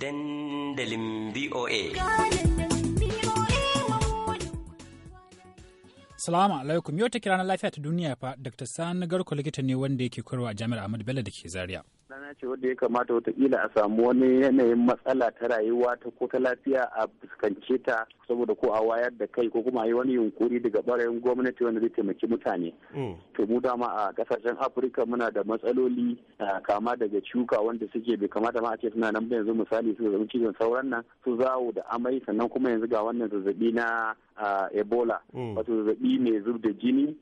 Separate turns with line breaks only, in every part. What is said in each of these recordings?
dandalin VOA. Salamu alaikum, yau kira na lafiya ta duniya fa Dr. Sani Garko likita ne wanda yake koyarwa a Jami'ar Ahmadu Bello da ke Zaria. rana ce wadda ya kamata watakila a samu wani yanayin matsala ta rayuwa ta ko ta lafiya a fuskance ta saboda ko a wayar da kai ko kuma a yi wani yunkuri daga ɓarayin gwamnati wanda zai taimaki mutane. Mm. To mu dama a ƙasashen Afirka muna da matsaloli kama daga cuka wanda suke bai kamata ma a ce suna nan ba yanzu misali su zama cizon sauran nan su zawo da amai sannan kuma yanzu ga wannan zazzabi na
Ebola. Mm. Wato zazzabi mai zub da jini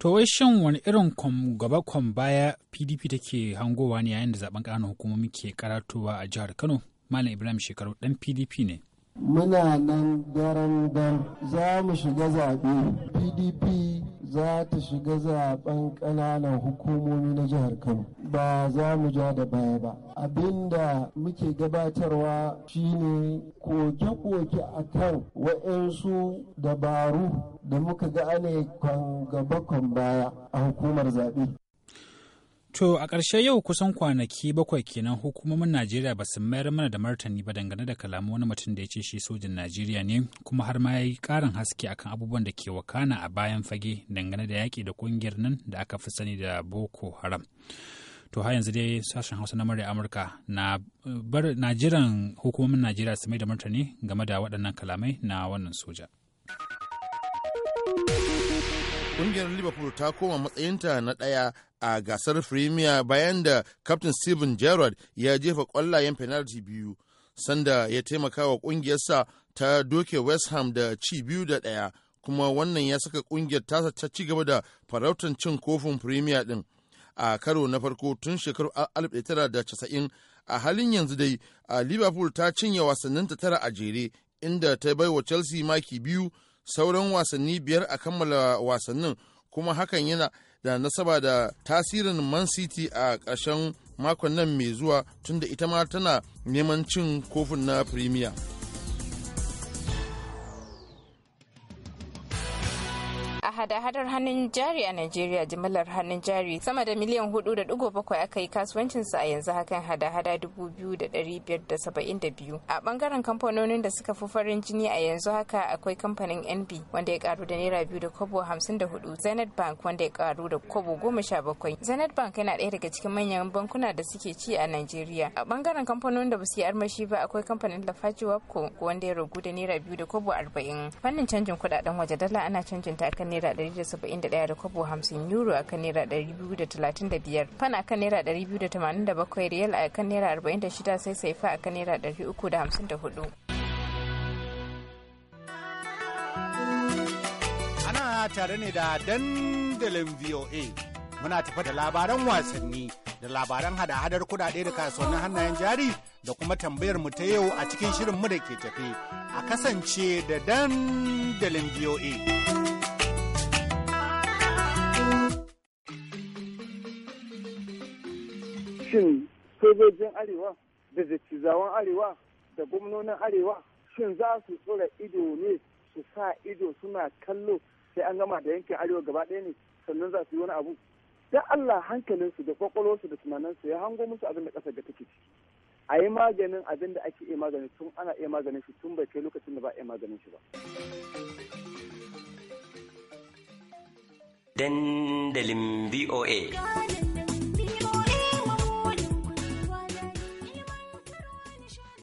To wai shin wani irin kwam gaba kwam baya PDP take hangowa ne yayin da zaben ƙananan hukumomi ke karatowa a jihar Kano? Malam Ibrahim Shekaru ɗan PDP ne. Muna nan daren dan za mu shiga zaɓe PDP za ta shiga zaben ƙananan hukumomi na jihar Kano. Ba za mu ja da baya ba. Abinda muke gabatarwa shine koke-koke a kan waɗansu dabaru da muka ga ana kwan gaba kwan baya a hukumar zaɓe To a ƙarshe yau kusan kwanaki bakwai kenan hukumomin Najeriya ba su mayar mana da martani ba dangane da kalamu wani mutum da ya ce shi sojin Najeriya ne kuma har ma ya yi ƙarin haske akan abubuwan da ke wakana a bayan fage dangane da yaƙi da ƙungiyar nan da aka fi sani da Boko Haram. To har yanzu dai sashen Hausa na murya Amurka na bar Najeriyan hukumomin Najeriya su mai da martani game da waɗannan kalamai na wannan soja.
ƙungiyar liverpool ta koma matsayinta na ɗaya a gasar premier bayan da captain steven gerrard ya jefa kwallayen penalty biyu sanda ya taimaka wa kungiyarsa ta doke west ham da ci biyu da ɗaya kuma wannan ya saka ƙungiyar tasa ta ci gaba da farautar cin kofin premier din a karo na farko tun shekaru 1990 a halin yanzu dai a liverpool ta cinye wasanninta tara a jere inda ta baiwa chelsea maki biyu sauran wasanni biyar a kammala wasannin kuma hakan yana da nasaba da tasirin man city a ƙarshen makon nan mai zuwa tunda ita ma tana neman cin kofin na premier
hada-hadar hannun jari a Najeriya jimillar hannun jari sama da miliyan 4.7 aka yi kasuwancinsa a yanzu hakan hada-hada 2,572. A bangaren kamfanonin da suka fi farin jini a yanzu haka akwai kamfanin NB wanda ya karu da naira biyu da kobo 54 Zenith Bank wanda ya karu da kobo 17. Zenith Bank yana ɗaya daga cikin manyan bankuna da suke ci a Najeriya. A bangaren kamfanonin da ba su yi armashi ba akwai kamfanin Lafaji Wapco wanda ya ragu da naira biyu da kobo 40. Fannin canjin kuɗaɗen waje dala ana canjin ta kan naira naira 171 da kwabo naira 235 naira 287 riyal naira 46 sai saifa naira 354
ana tare ne da dandalin voa muna tafa da labaran wasanni da labaran hada-hadar kudade da kasuwannin hannayen jari da kuma tambayar mu ta yau a cikin shirin mu da ke tafe a kasance da dandalin
VOA. shin sojojin arewa da dattizawan arewa da gwamnonin arewa shin za su tsora ido ne su sa ido suna kallo sai an gama da yankin arewa gaba ɗaya ne sannan za su yi wani abu dan Allah hankalinsu da kwakwalwarsu da tunaninsu ya hango musu abin da ƙasar da take ciki a yi maganin abin da ake iya magani tun ana iya maganin shi tun bai kai lokacin da ba iya maganin shi ba. Dandalin VOA.